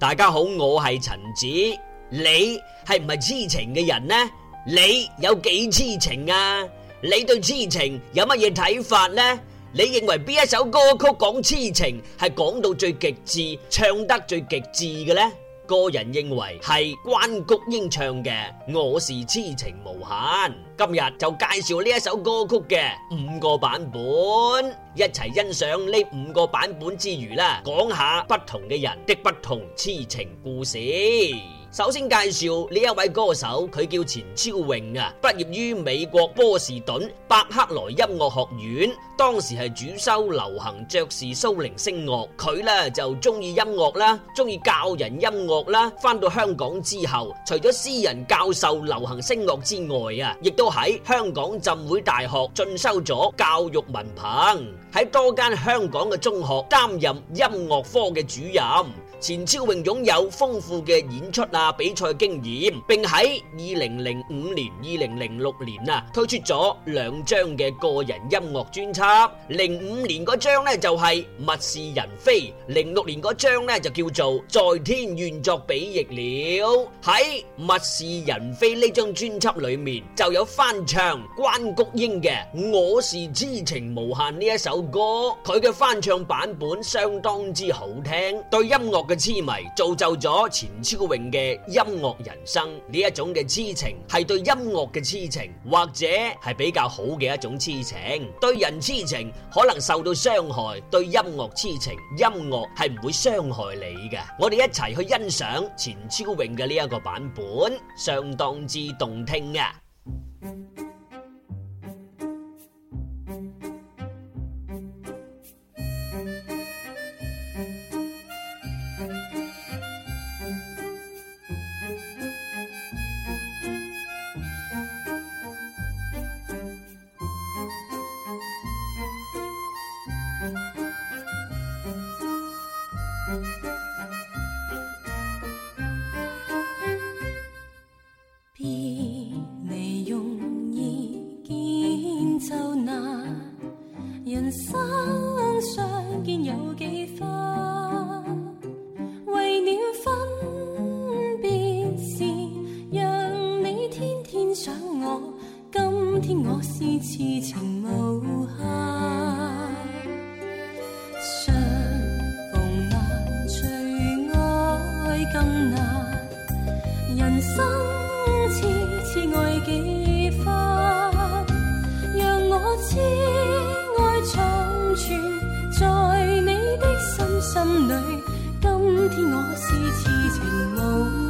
大家好，我係陳子，你係唔係痴情嘅人呢？你有幾痴情啊？你對痴情有乜嘢睇法呢？你認為邊一首歌曲講痴情係講到最極致，唱得最極致嘅呢？個人認為係關菊英唱嘅，我是痴情無限。今日就介紹呢一首歌曲嘅五個版本，一齊欣賞呢五個版本之餘啦，講下不同嘅人的不同痴情故事。首先介紹，呢一位歌手，佢叫錢超榮，畢業於美國波士頓，伯克萊音樂學院，當時係主修流行爵士蘇寧聲樂。佢呢就鍾意音樂啦，鍾意教人音樂啦，返到香港之後，除咗私人教授流行聲樂之外，亦都喺香港浸會大學，進修咗教育文憑。喺多間香港嘅中學，擔任音樂科嘅主任。錢超榮擁有豐富嘅演出，比賽經驗，並喺2005年、2006年啊推出咗兩張嘅個人音樂專輯。05年嗰張呢，就係、是《物是人非》，06年嗰張呢，就叫做《在天願作比翼鳥》。喺《物是人非》呢張專輯裏面就有翻唱關菊英嘅《我是痴情無限》呢一首歌，佢嘅翻唱版本相當之好聽，對音樂嘅痴迷造就咗錢超榮嘅。音樂人生。呢一種嘅痴情，係對音樂嘅痴情，或者係比較好嘅一種痴情。對人痴情可能受到傷害，對音樂痴情，音樂係唔會傷害你嘅。我哋一齊去欣賞錢超穎嘅呢一個版本，相當之動聽啊！更難，人生痴痴愛幾分，讓我痴愛長存在你的心心裏。今天我是痴情無。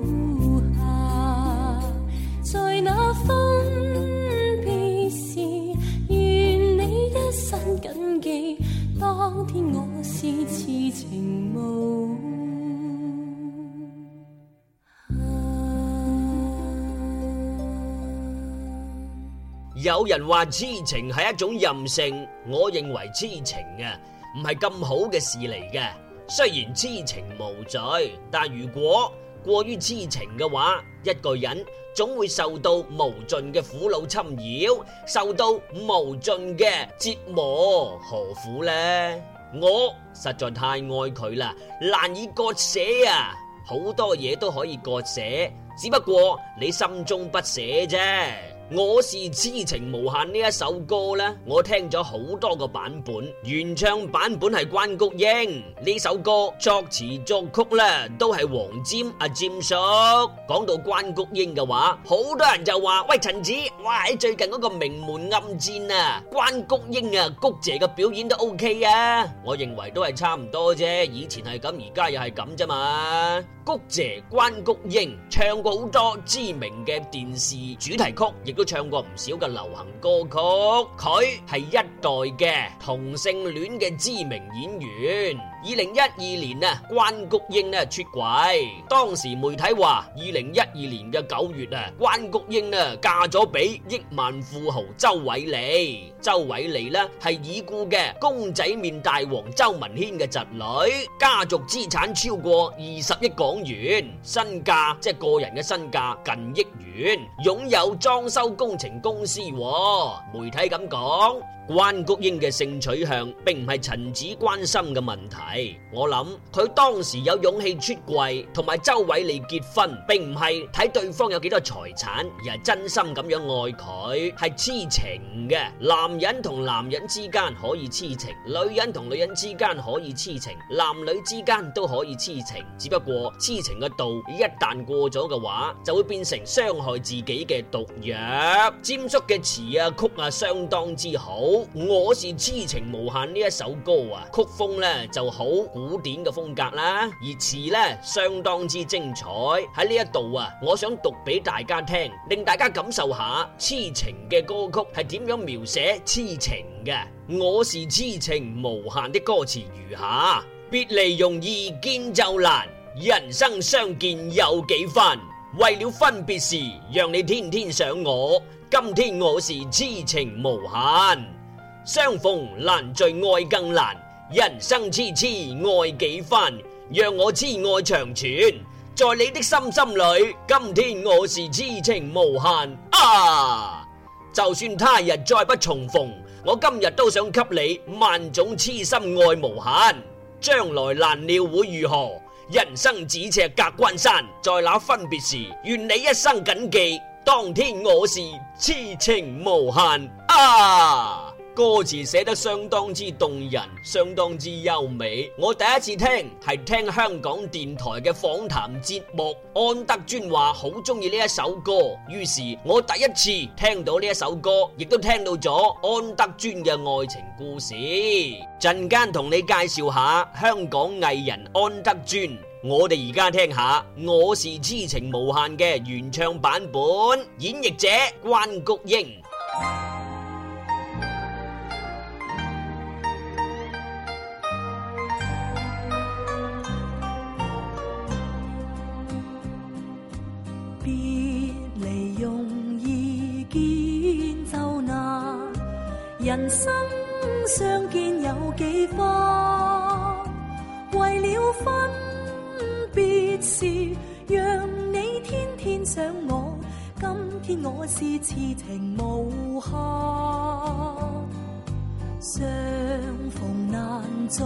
痴情無限啊，有人話痴情係一種任性，我認為痴情啊，唔係咁好嘅事嚟嘅。雖然痴情無罪，但如果過於痴情嘅話，一個人總會受到無盡嘅苦惱侵擾，受到無盡嘅折磨，何苦呢？我實在太愛佢啦，難以割捨啊！好多嘢都可以割捨，只不過你心中不捨啫。我是痴情無限呢一首歌啦，我聽咗好多個版本，原唱版本係關菊英呢首歌，作詞作曲啦都係黃霑，阿霑叔。講到關菊英嘅話，好多人就話喂陳子，哇喺最近嗰個名門暗戰啊，關菊英啊菊姐嘅表演都 OK 啊，我認為都係差唔多啫，以前係咁，現在也是這樣，而家又係咁啫嘛。菊姐關菊英唱過好多知名嘅電視主題曲，亦都唱過唔少嘅流行歌曲。佢係一代嘅同性戀嘅知名演員。二零一二年啊，關菊英咧出軌。當時媒體話，二零一二年嘅九月啊，關菊英啊嫁咗俾億萬富豪周偉利。周偉利咧係已故嘅公仔麵大王周文軒嘅侄女，家族資產超過二十億港元，身價即係個人嘅身價近億元，擁有裝修工程公司。媒體咁講。關菊英嘅性取向並唔係陳子關心嘅問題，我諗佢當時有勇氣出櫃同埋周偉利結婚，並唔係睇對方有幾多財產，而係真心咁樣愛佢，係痴情嘅。男人同男人之間可以痴情，女人同女人之間可以痴情，男女之間都可以痴情。只不過痴情嘅度一旦過咗嘅話，就會變成傷害自己嘅毒藥。佔叔嘅詞啊曲啊相當之好。我是癡情無限呢一首歌啊，曲風呢就好古典嘅風格啦，而詞呢相當之精彩。喺呢一度啊，我想讀俾大家聽，令大家感受下癡情嘅歌曲係點樣描寫癡情嘅。我是癡情無限的歌詞如下：別離容易見就難，人生相見有幾番？為了分別時，讓你天天想我。今天我是癡情無限。相逢難聚愛更難，人生痴痴愛幾番，讓我痴愛長存，在你的心心裏，今天我是痴情無限啊！就算他日再不重逢，我今日都想給你萬種痴心愛無限。將來難料會如何？人生咫尺隔關山，在那分別時，願你一生謹記，當天我是痴情無限啊！歌詞寫得相當之動人，相當之優美。我第一次聽係聽香港電台嘅訪談節目，安德尊話好中意呢一首歌，於是我第一次聽到呢一首歌，亦都聽到咗安德尊嘅愛情故事。陣間同你介紹下香港藝人安德尊。我哋而家聽下《我是痴情無限》嘅原唱版本，演繹者關菊英。人生相見有幾花？為了分別時，讓你天天想我。今天我是痴情無憾，相逢難聚，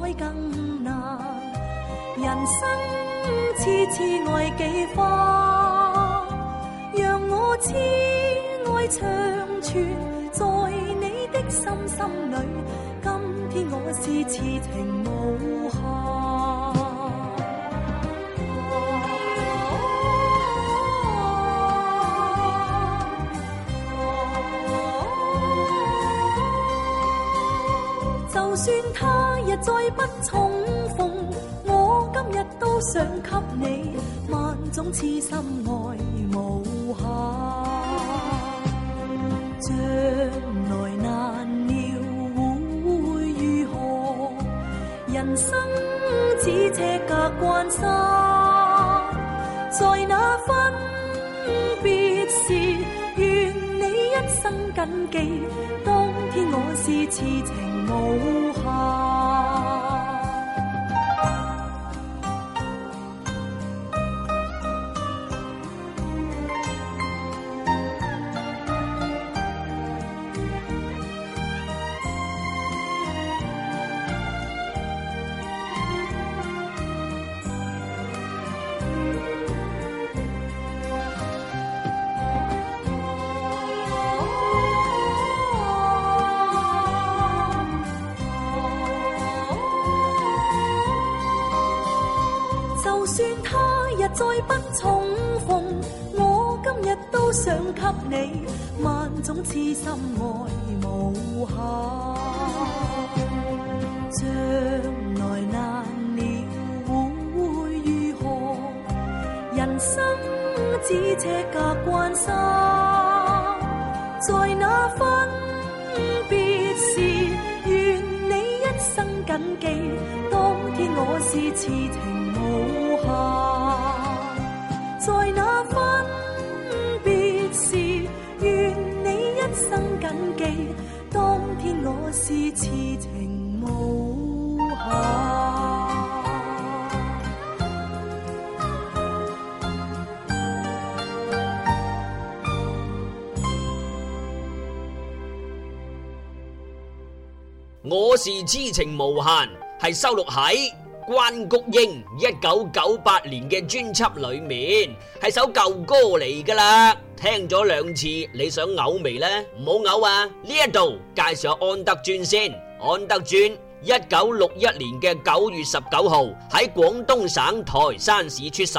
愛更難。人生次次愛幾花？讓我痴愛長存。今天我是痴情無限。就算他日再不重逢，我今日都想給你萬種痴心愛無限。著。咫尺隔關山，在那分別時，願你一生謹記，當天我是痴情無限。咫尺隔關山，在那分別時，願你一生謹記，當天我是痴情無限。在那分別時，願你一生謹記，當天我是痴。事痴情無限，係收錄喺關菊英一九九八年嘅專輯裏面，係首舊歌嚟噶啦。聽咗兩次，你想嘔未呢？唔好嘔啊！呢一度介紹安德尊先。安德尊一九六一年嘅九月十九號喺廣東省台山市出世，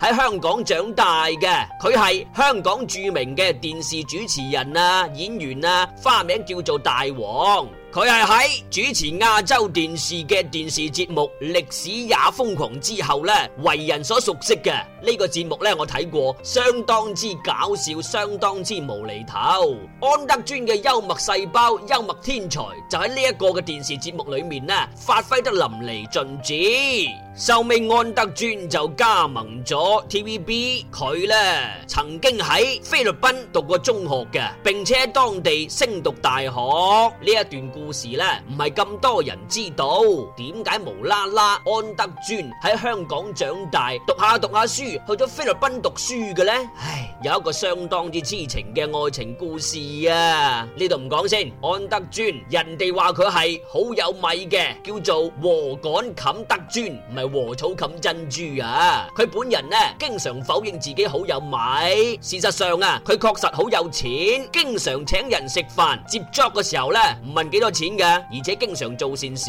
喺香港長大嘅，佢係香港著名嘅電視主持人啊、演員啊，花名叫做大王。佢係喺主持亞洲電視嘅電視節目《歷史也瘋狂》之後咧，為人所熟悉嘅呢，這個節目咧，我睇過相當之搞笑，相當之無厘頭。安德尊嘅幽默細胞、幽默天才就喺呢一個嘅電視節目裏面呢，發揮得淋漓盡致。壽命安德尊就加盟咗 TVB，佢咧曾經喺菲律賓讀過中學嘅，並且喺當地升讀大學呢一段。故事咧唔係咁多人知道，點解無啦啦安德尊喺香港長大，讀下讀下書，去咗菲律賓讀書嘅呢？唉，有一個相當之痴情嘅愛情故事啊！呢度唔講先。安德尊，人哋話佢係好有米嘅，叫做禾稈冚德尊，唔係禾草冚珍珠啊！佢本人呢，經常否認自己好有米，事實上啊，佢確實好有錢，經常請人食飯，接觸嘅時候呢，唔問幾多。錢嘅，而且經常做善事，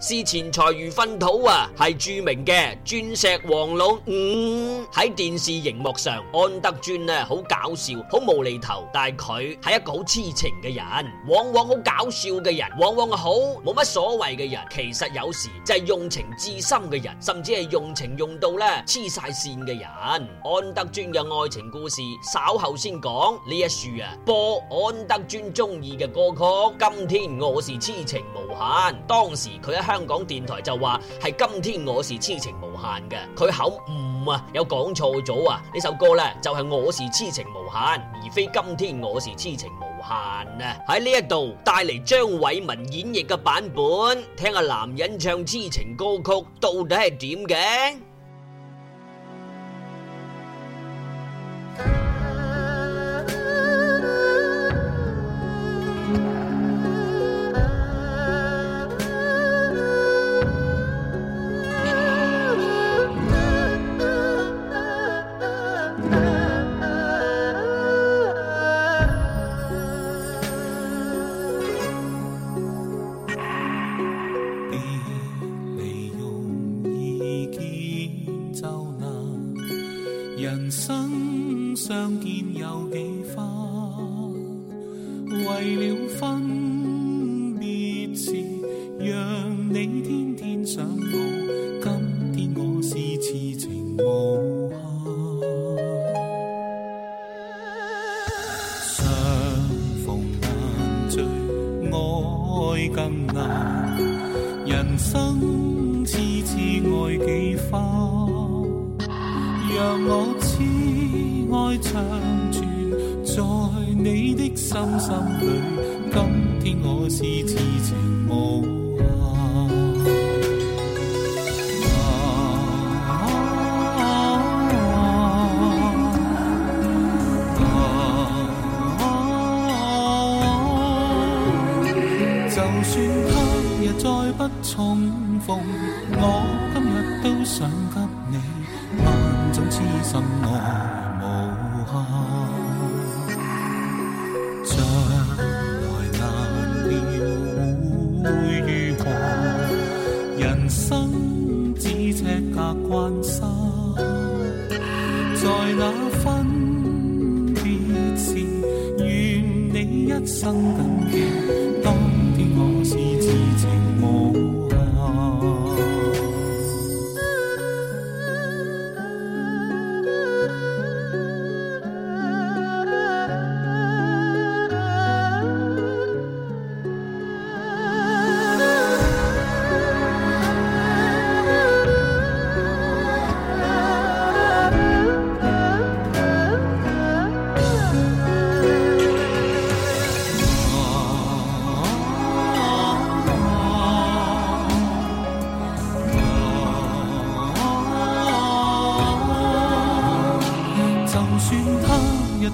視錢財如糞土啊，係著名嘅鑽石王老五。喺、嗯、電視熒幕上，安德尊呢，好搞笑，好無厘頭，但係佢係一個好痴情嘅人，往往好搞笑嘅人，往往好冇乜所謂嘅人，其實有時就係用情至深嘅人，甚至係用情用到咧痴晒線嘅人。安德尊嘅愛情故事稍後先講，呢一樹啊，播安德尊中意嘅歌曲。今天我。我是痴情無限，當時佢喺香港電台就話係今天我是痴情無限嘅，佢口誤啊，有講錯咗啊，呢首歌呢，就係、是、我是痴情無限，而非今天我是痴情無限啊！喺呢一度帶嚟張偉文演繹嘅版本，聽下男人唱痴情歌曲到底係點嘅。相見有幾番，為了分。心裏，今天我是痴情無限，啊。啊啊，啊，啊，啊，就算他日再不重逢，我今日都想給你萬種痴心愛無限。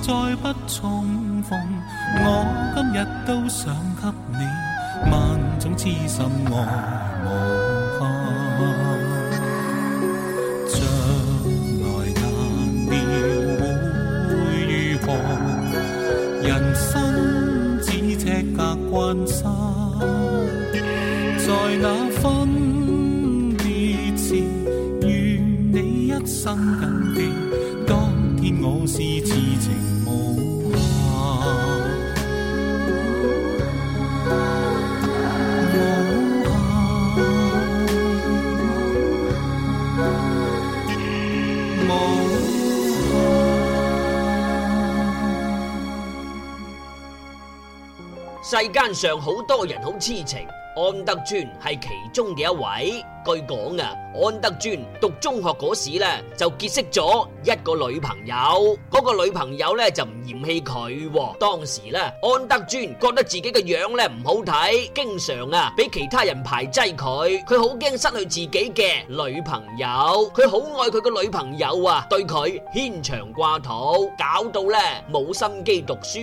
再不重逢，我今日都想給你萬種痴心愛慕。世間上好多人好痴情，安德尊係其中嘅一位。據講啊，安德尊讀中學嗰時咧就結識咗一個女朋友，嗰個女朋友咧就唔嫌棄佢。當時咧，安德尊覺得自己嘅樣咧唔好睇，經常啊俾其他人排擠佢。佢好驚失去自己嘅女朋友，佢好愛佢個女朋友啊，對佢牽腸掛肚，搞到咧冇心機讀書。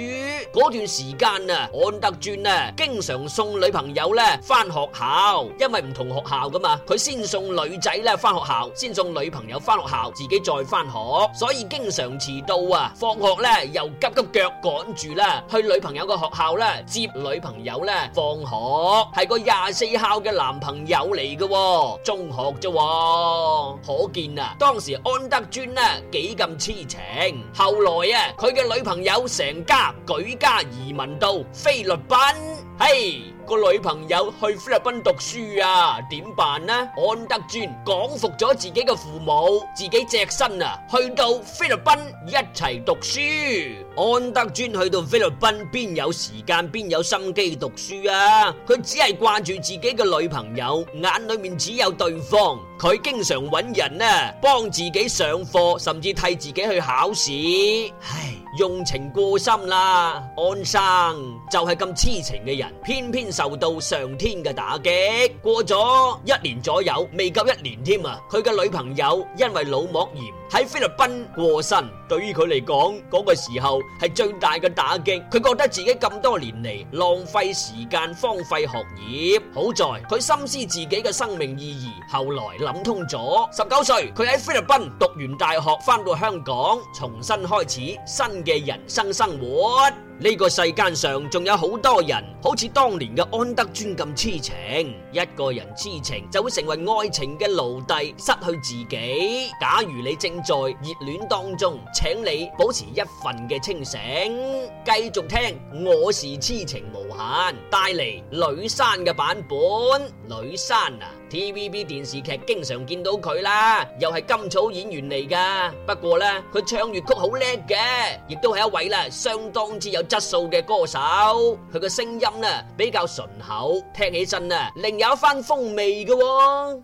嗰段時間啊，安德尊咧經常送女朋友咧翻學校，因為唔同學校噶嘛。佢先送女仔咧翻學校，先送女朋友翻學校，自己再翻學，所以經常遲到啊！放學咧又急急腳趕住咧，去女朋友嘅學校咧接女朋友咧放學，係個廿四孝嘅男朋友嚟嘅。哦，中學啫。哦，可見啊，當時安德尊呢幾咁痴情。後來啊，佢嘅女朋友成家舉家移民到菲律賓，嘿、hey!。個女朋友去菲律賓讀書啊，點辦呢？安德尊說服咗自己嘅父母，自己隻身啊去到菲律賓一齊讀書。安德尊去到菲律賓，邊有時間邊有心機讀書啊？佢只係掛住自己嘅女朋友，眼裏面只有對方。佢經常搵人呢，幫自己上課，甚至替自己去考試。唉，用情過深啦，安生就係咁痴情嘅人，偏偏受到上天嘅打擊。過咗一年左右，未夠一年添啊！佢嘅女朋友因為腦膜炎喺菲律賓過身，對於佢嚟講嗰個時候。係最大嘅打擊，佢覺得自己咁多年嚟浪費時間、荒廢學業。好在佢深思自己嘅生命意義，後來諗通咗。十九歲，佢喺菲律賓讀完大學，返到香港，重新開始新嘅人生生活。呢個世間上仲有好多人，好似當年嘅安德尊咁痴情。一個人痴情就會成為愛情嘅奴隸，失去自己。假如你正在熱戀當中，請你保持一份嘅清醒，繼續聽《我是痴情無限》帶嚟呂珊嘅版本。呂珊啊，TVB 電視劇經常見到佢啦，又係甘草演員嚟噶。不過咧，佢唱粵曲好叻嘅，亦都係一位啦，相當之有質素嘅歌手，佢個聲音呢，比較順口，聽起身呢，另有一番風味嘅喎、哦。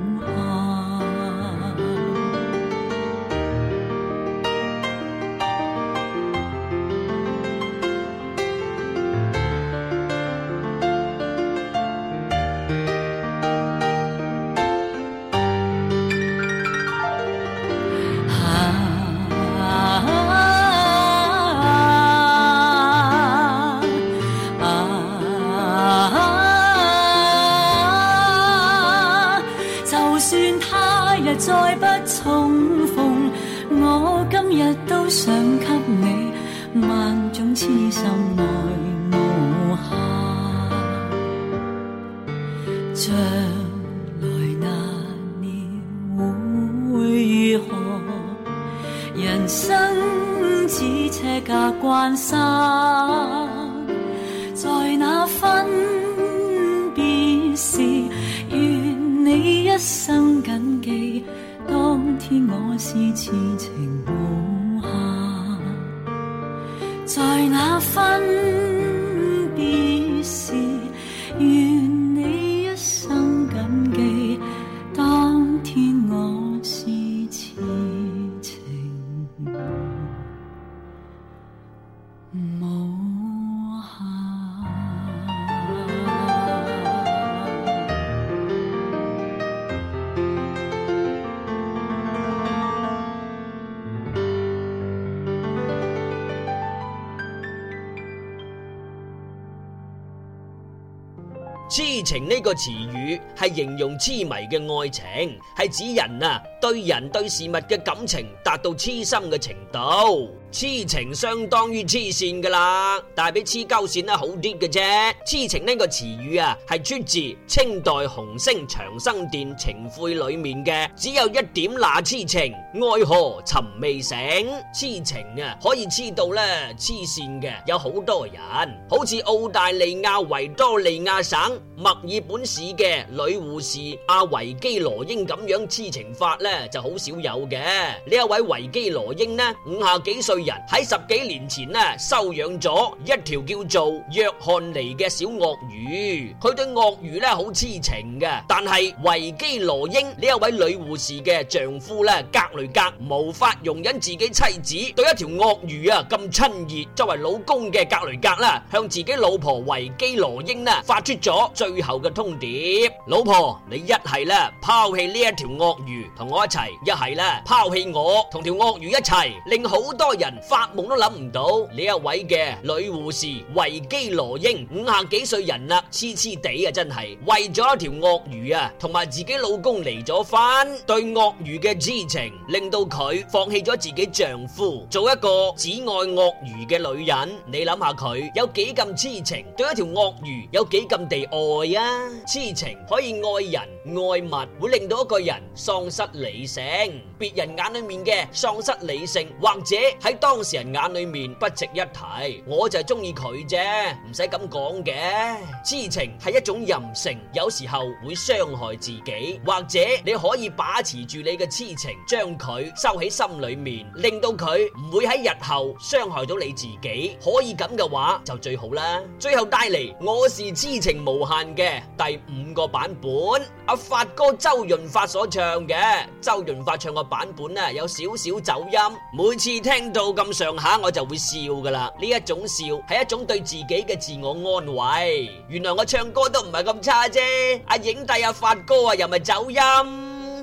是痴情。情呢個詞語係形容痴迷嘅愛情，係指人啊。對人對事物嘅感情達到痴心嘅程度，痴情相當於痴線噶啦，但係比痴鳩線呢好啲嘅啫。痴情呢個詞語啊，係出自清代洪升《長生殿·情悔》裏面嘅。只有一點那痴情，愛何尋未醒。痴情啊，可以痴到呢痴線嘅有好多人，好似澳大利亞維多利亞省墨爾本市嘅女護士阿維基羅英咁樣痴情法呢？就好少有嘅呢一位維基羅英呢五十幾歲人喺十幾年前呢收養咗一條叫做約翰尼嘅小鱷魚佢對鱷魚呢好痴情嘅但係維基羅英呢一位女護士嘅丈夫呢格雷格無法容忍自己妻子對一條鱷魚啊咁親熱作為老公嘅格雷格啦向自己老婆維基羅英呢發出咗最後嘅通牒老婆你一係咧拋棄呢一條鱷魚同我。一齊，一係啦，拋棄我同條鱷魚一齊，令好多人發夢都諗唔到。呢一位嘅女護士維基羅英，五十幾歲人啦，啊，痴痴地啊，真係為咗一條鱷魚啊，同埋自己老公離咗婚，對鱷魚嘅痴情令到佢放棄咗自己丈夫，做一個只愛鱷魚嘅女人。你諗下佢有幾咁痴情，對一條鱷魚有幾咁地愛啊？痴情可以愛人愛物，會令到一個人喪失靈理性，別人眼裏面嘅喪失理性，或者喺當事人眼裏面不值一提。我就係中意佢啫，唔使咁講嘅。痴情係一種任性，有時候會傷害自己，或者你可以把持住你嘅痴情，將佢收喺心裏面，令到佢唔會喺日後傷害到你自己。可以咁嘅話就最好啦。最後帶嚟，我是痴情無限嘅第五個版本，阿發哥周潤發所唱嘅。周潤發唱個版本咧，有少少走音，每次聽到咁上下，我就會笑噶啦。呢一種笑係一種對自己嘅自我安慰。原來我唱歌都唔係咁差啫。阿影帝、阿發哥啊又咪走音。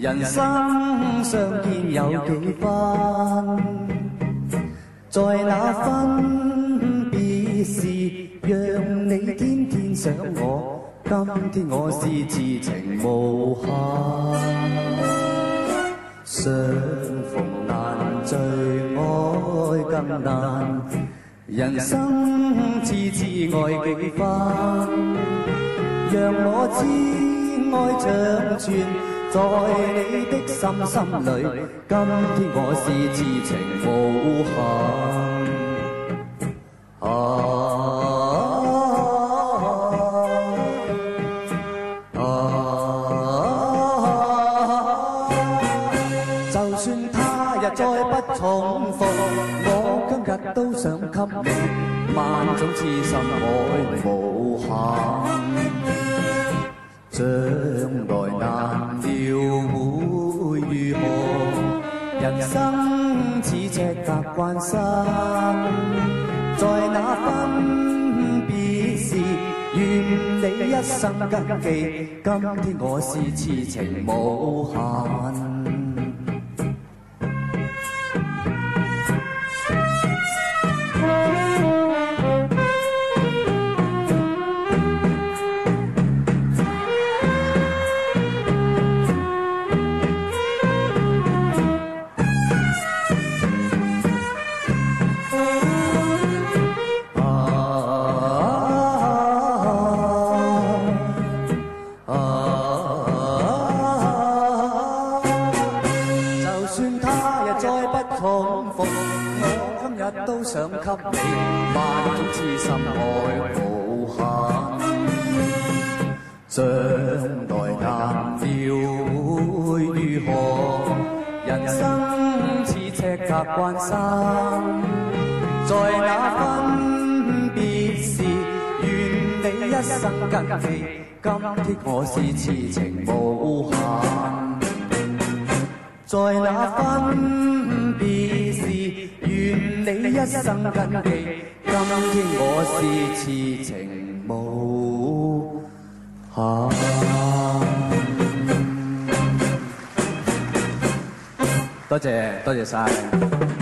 人，人，人生相見有幾番，在那分別時，讓你天天想我。今天我是痴情無限，相逢難聚，愛更難。人，人，人生痴痴愛幾番，讓我痴愛長存。在你的心心裏，今天我是痴情無限。啊啊，啊，啊，啊，就算他日再不重逢，我今日都想給你萬種痴心愛無限。將來難料會如何？人生似尺隔關心，在那分別時，願你一生緊記。今天我是痴情無限。要會如何？人生似尺，隔萬山，在那分別時，願你一生謹記。今天我是痴情無限，在那分別時，願你一生謹記。今天我是痴情無限。多謝，多謝晒。